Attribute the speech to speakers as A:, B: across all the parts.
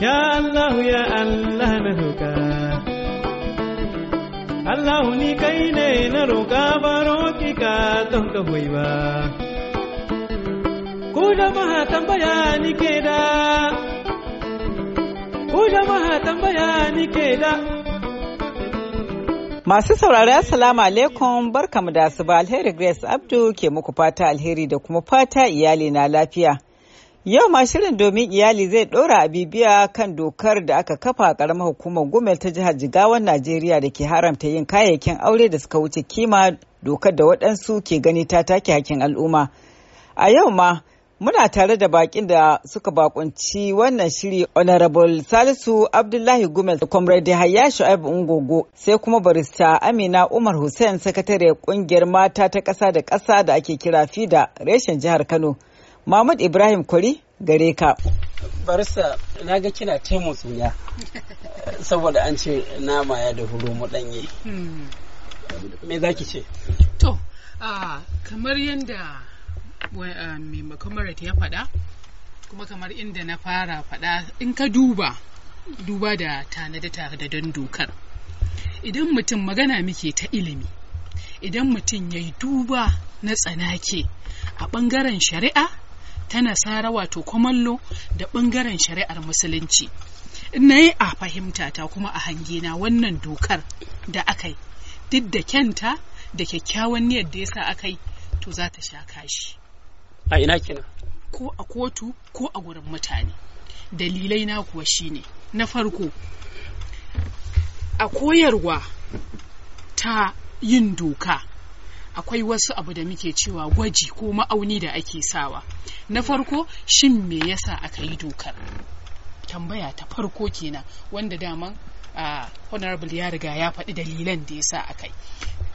A: Ya Allah ya Allah na roƙa Allah ni kai ne na roƙa ba roƙi ka don ka hoyi ba Ku jama'a tambaya ni ke da Ku jama'a tambaya ni ke da Masu saurari Assalamu alaikum barkamu da asuba alheri Grace Abdu ke muku fata alheri da kuma fata iyali na lafiya. Yau ma shirin domin iyali zai ɗora a bibiya kan dokar da aka kafa a ƙaramar hukumar Gumel ta jihar Jigawan Najeriya da ke haramta yin kayayyakin aure da suka wuce kima dokar da waɗansu ke gani ta take hakkin al'umma. A yau ma muna tare da bakin da suka bakunci wannan shiri Honorable Salisu Abdullahi Gumel da Comrade Hayya Shu'aibu Ungogo sai kuma barista Amina Umar Hussein sakatare kungiyar mata ta ƙasa da ƙasa da ake kira FIDA reshen jihar Kano. Mahmud Ibrahim Kwari gare ka.
B: Barista na ga kina taimu tsuya saboda an ce nama ya da huru mu Me za ki ce?
C: To, kamar yadda mai ta ya faɗa, kuma kamar inda na fara faɗa in ka duba, duba da tanada tare da don dokar. Idan mutum magana muke ta ilimi, idan mutum ya yi duba na tsanake a ɓangaren shari'a ta nasara wato kwamallo da ɓangaren shari'ar musulunci na yi a fahimta ta kuma a hangena wannan dokar da aka yi duk da kyanta da kyakkyawan niyyar da ya sa aka yi to za ta sha kashi a ina kina ko a kotu ko a gurin mutane dalilai na kuwa shine na farko a koyarwa ta yin doka akwai wasu abu da muke cewa gwaji ko ma'auni da ake sawa na farko shin me yasa aka yi dokar tambaya ta farko kenan wanda daman a honorable ya riga ya faɗi dalilan da yasa aka yi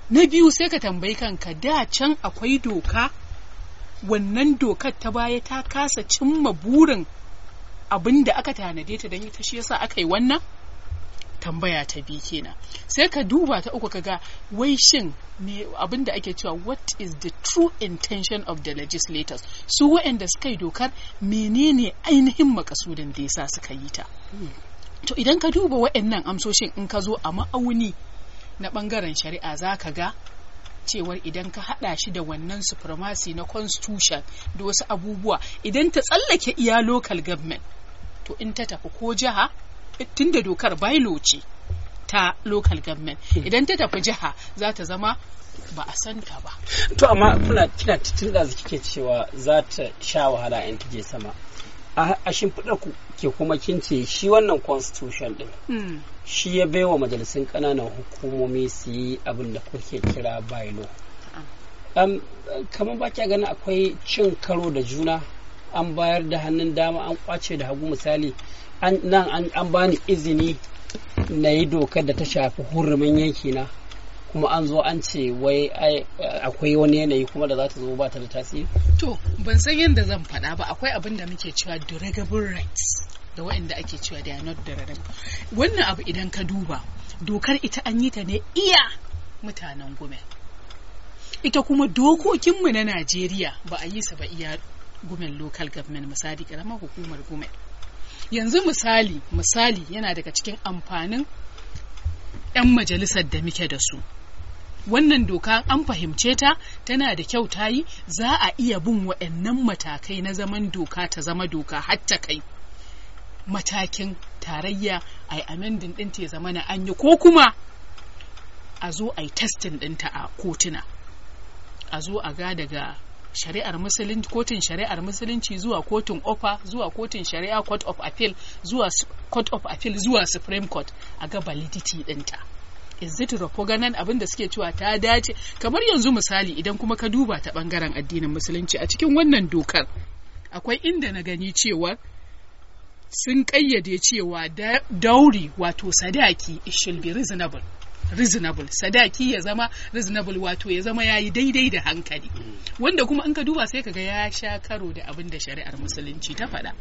C: na biyu sai ka tambayi kanka da can akwai doka wannan dokar ta baya ta kasa cimma burin abin da aka tanade ta don ita shi yasa aka yi wannan tambaya ta biyu kenan sai ka duba ta uku kaga wai shin me abin da ake cewa what is the true intention of the legislators su waɗanda suka yi dokar menene ainihin makasudin da yasa suka yi ta to idan ka duba waɗannan amsoshin in ka zo a ma'auni na bangaren shari'a za ka ga cewar idan ka hada shi da wannan supremacy na constitution da wasu abubuwa idan ta tsallake iya local government to in ta tafi ko jiha tunda dokar bailo ce ta local government hmm. idan ta tafi jiha za ta zama ba a san ta ba to amma kuna kina titin da kike
B: cewa za ta sha wahala in je sama a shimfiɗar ku ke kuma kin ce shi wannan constitution din hmm. shi ya baiwa majalisun ƙananan hukumomi su yi abin da kuke kira bailo lo. kamar ba kya ganin akwai cin karo da juna an bayar da hannun dama an kwace da hagu misali nan an bani izini na yi dokar da ta shafi hurumin na kuma an zo an ce wai akwai wani yanayi kuma da za ta zo ba ta da tasiri
C: to ban san yadda zan faɗa ba akwai abin da muke cewa durable rights da waɗanda ake cewa da not durable wannan abu idan ka duba dokar ita an yi ta ne iya mutanen gume ita kuma dokokinmu na najeriya ba a yi sa ba iya gumen local government misali karamar hukumar gumen yanzu misali misali yana daga cikin amfanin 'yan majalisar da muke da su wannan doka an fahimce ta tana da kyau ta yi za a iya bin waɗannan matakai na zaman doka ta zama doka hatta kai matakin tarayya a yi amendin din ta zama na anyi ko kuma a zo a yi testin ɗinta a kotuna a zo a ga daga shari'ar musulunci kotun shari'ar musulunci zuwa kotun ofa zuwa kotun shari'a court of appeal zuwa court of appeal zuwa supreme court a ga validity dinta it rafoganan abin da suke cewa ta dace kamar yanzu misali idan kuma ka duba ta bangaren addinin musulunci a cikin wannan dokar akwai inda na gani cewa sun kayyade cewa dauri wato sadaki it should be reasonable reasonable sadaki ya zama reasonable wato ya zama yayi daidai da hankali wanda kuma in ka duba sai kaga ya sha karo da abin da shari'ar musulunci ta faɗa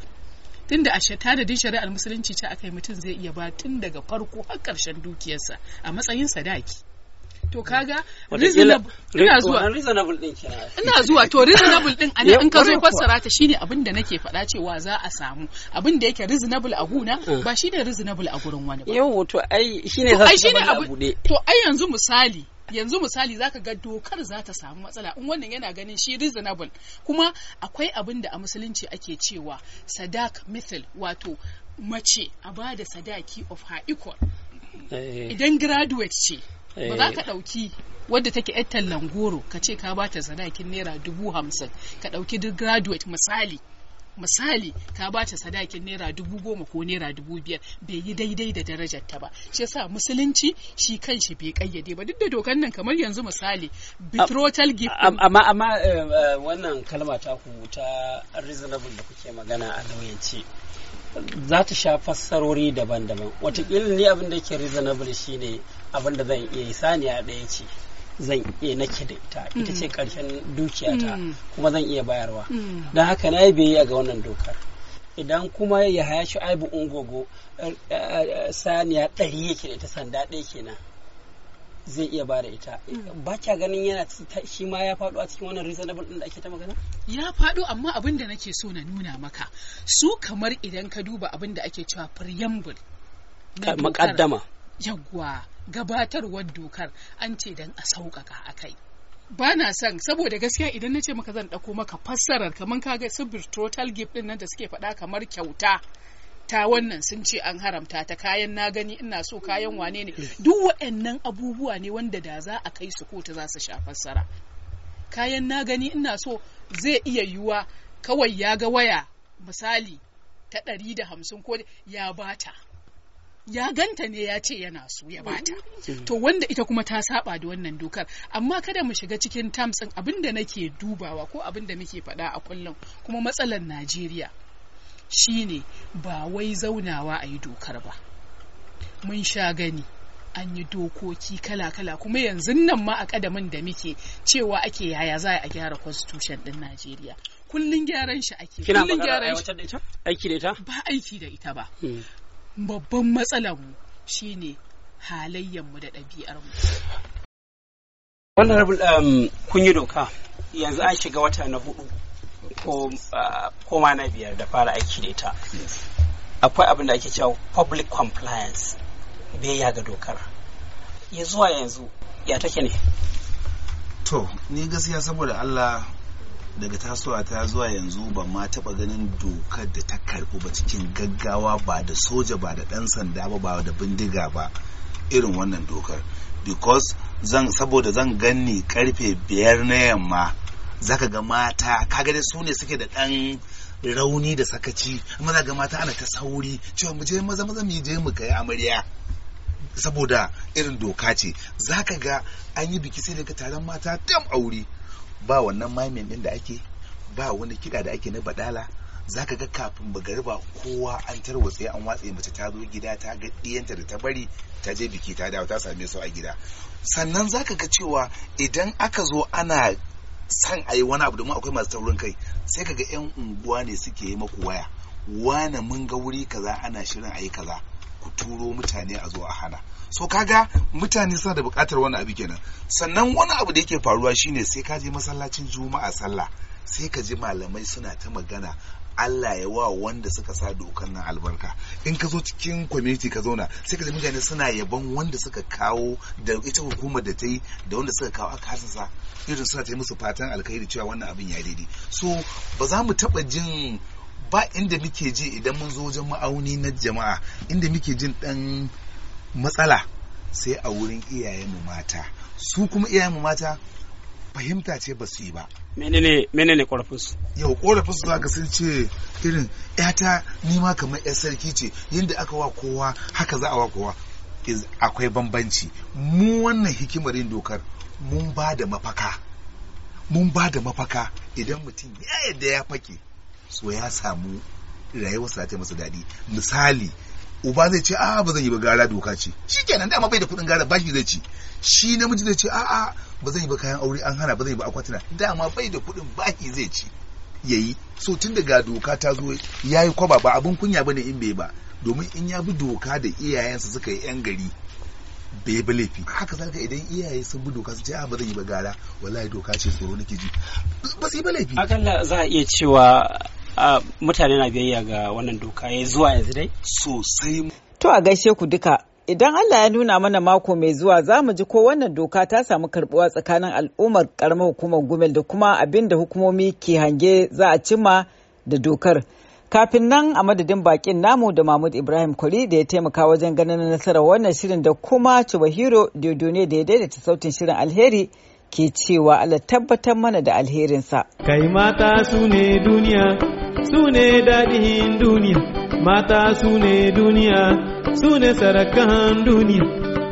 C: tunda a tadadin shari'ar musulunci ta akai mutum zai iya ba tun daga farko har karshen dukiyarsa a matsayin sadaki to kaga reasonable ina zuwa ina zuwa to reasonable din anan in ka zo fassara ta shine abin da nake faɗa cewa za a samu abin da yake reasonable a huna ah. ba shine reasonable a gurin wani ba yau to ai shine za su bude to ai yanzu misali yanzu misali zaka ga dokar za ta samu matsala in wannan yana ganin shi reasonable kuma akwai abin da a musulunci ake cewa sadak mithil wato mace a bada sadaki of her equal
B: eh. idan
C: graduate ce Eh. ba za ka ɗauki wadda take yar tallan goro ka ce ka bata sadakin naira dubu hamsin ka ɗauki duk graduate misali misali ka bata sadakin naira dubu goma ko naira dubu biyar bai yi daidai da darajar ta ba shi yasa musulunci shi kanshi bai kayyade ba duk da dokan nan kamar yanzu misali betrothal gift amma amma eh, eh, wannan kalma
B: ta ku ta reasonable da kuke magana a lauyanci za ta sha fassarori daban-daban watakila ni abin da yake reasonable shine abin da zan iya yi saniya ɗaya ce zan iya nake da ita ita ce mm. ƙarshen dukiyata mm. kuma zan iya bayarwa mm. don haka na yi biyayya ga wannan dokar idan kuma ya haya shi aibu ungogo er, er, er, saniya ɗari yake da ita sanda ɗaya kenan zai iya bada ita
C: ba kya ganin yana shi ma ya faɗo a cikin wannan reasonable ɗin da ake ta magana ya faɗo amma abin da nake so na nuna maka su kamar idan ka duba abin da ake cewa preamble dokar yawwa gabatarwar dokar an ce don a sauƙaƙa a kai ba na son saboda gaskiya idan na ce maka zan ɗauko maka fassarar kamar ka ga su total gift ɗin nan da suke faɗa kamar kyauta ta wannan sun ce an haramta ta kayan na gani ina so kayan wane ne duk waɗannan abubuwa ne wanda da za a kai su kotu za su sha fassara kayan na gani ina so zai iya yiwuwa kawai ya ga waya misali ta ɗari da hamsin ko ya bata ya ganta ne ya ce yana so ya bata mm-hmm. to wanda ita kuma ta saba da wannan dokar amma kada mu shiga cikin terms din abinda nake dubawa ko abinda muke faɗa a kullum kuma matsalar Najeriya shine ba wai zaunawa a yi dokar ba mun sha gani an yi dokoki kala-kala kuma yanzu nan ma a kadamin da muke cewa ake yaya za a gyara constitution din Najeriya kullun gyaran shi ake kullun gyaran shi aiki da ita ba aiki da ita ba hmm. babban mu shine halayyarmu da ɗabi'armu
B: wannan um, kun yi doka yanzu an shiga wata na hudu ko uh, ma na biyar da fara aiki da ita akwai abin da ake cewa public compliance ya ga dokar ya zuwa yanzu
D: ya take ne to ni gaskiya saboda allah daga tasowa ta zuwa yanzu ba ma taba ganin dokar da ta karɓi ba cikin gaggawa ba da soja ba da ɗan sanda ba ba da bindiga ba irin wannan dokar because zan saboda zan ganni karfe biyar na yamma zaka ga mata kaga dai su ne suke da ɗan rauni da sakaci maza ga mata ana ta sauri cewa mu je maza maza mu je mu kai amarya saboda irin doka ce zaka ga an yi biki sai daga taron mata dam aure ba wannan mamin din da ake ba wani kiɗa da ake na badala zaka ga kafin magariba kowa an tarwatse an watse mace ta zo gida ta ga ɗiyanta da ta bari ta je biki ta dawo ta same su a gida sannan zaka ga cewa idan aka zo ana san a yi wani abu domin akwai masu taurin kai sai kaga yan unguwa ne suke yi maku waya wane mun ga wuri kaza ana shirin a yi kaza ku turo mutane a zo a hana so kaga mutane suna da buƙatar wani abu kenan sannan wani abu da yake faruwa shine sai ka je masallacin juma'a sallah sai ka ji malamai suna ta magana Allah ya wa wanda suka sa dokar nan albarka in ka zo cikin kwamiti ka zauna sai ka ji mutane suna yabon wanda suka kawo da ita hukumar da ta yi da wanda suka kawo aka hasasa irin suna ta yi musu fatan alkhairi cewa wannan abin ya daidai so ba za mu taba jin ba inda muke ji idan mun zo wajen ma'auni na jama'a inda muke jin dan matsala sai a wurin iyayen mu mata su kuma iyayen mu mata fahimta ce ba su yi ba
B: menene menene
D: korafus yau korafus za ka sun ce irin yata nima kamar yar sarki ce yadda aka wa kowa haka za a wa kowa akwai bambanci mu wannan hikimar yin dokar mun ba da mafaka mun ba da mafaka idan mutum ya yadda ya fake so ya samu rayuwarsa ta masa daɗi misali uba zai ce a'a ba zan yi ba gara doka ce kenan dama bai da kuɗin gara bashi zai ci shi namiji zai ce a'a ba zan yi ba kayan aure an hana ba zan yi ba akwatina dama bai da kuɗin bashi zai ci yayi so tun daga doka ta zo yayi kwaba ba abun kunya bane in bai ba domin in ya bi doka da iyayensa suka yi yan gari bai bi laifi haka zaka idan iyaye sun bi doka su ce a ba zan yi ba gara wallahi doka ce tsoro nake ji ba su yi ba laifi akalla za
B: a iya cewa mutane na biyayya ga wannan doka ya zuwa yanzu dai sosai
A: to a gaishe ku duka idan Allah ya nuna mana mako mai zuwa za mu ji ko wannan doka ta samu karbuwa tsakanin al'ummar karamar hukumar gumel da kuma abin da hukumomi ke hange za a cimma da dokar kafin nan a madadin bakin namu da mahmud ibrahim kwari da ya taimaka wajen ganin nasarar wannan shirin da kuma chubahiro diodone da ya daidaita sautin shirin alheri ke cewa Allah tabbatar mana da alherinsa. Kai mata su ne duniya, su ne daɗin duniya, mata su ne duniya, su ne sarakan duniya.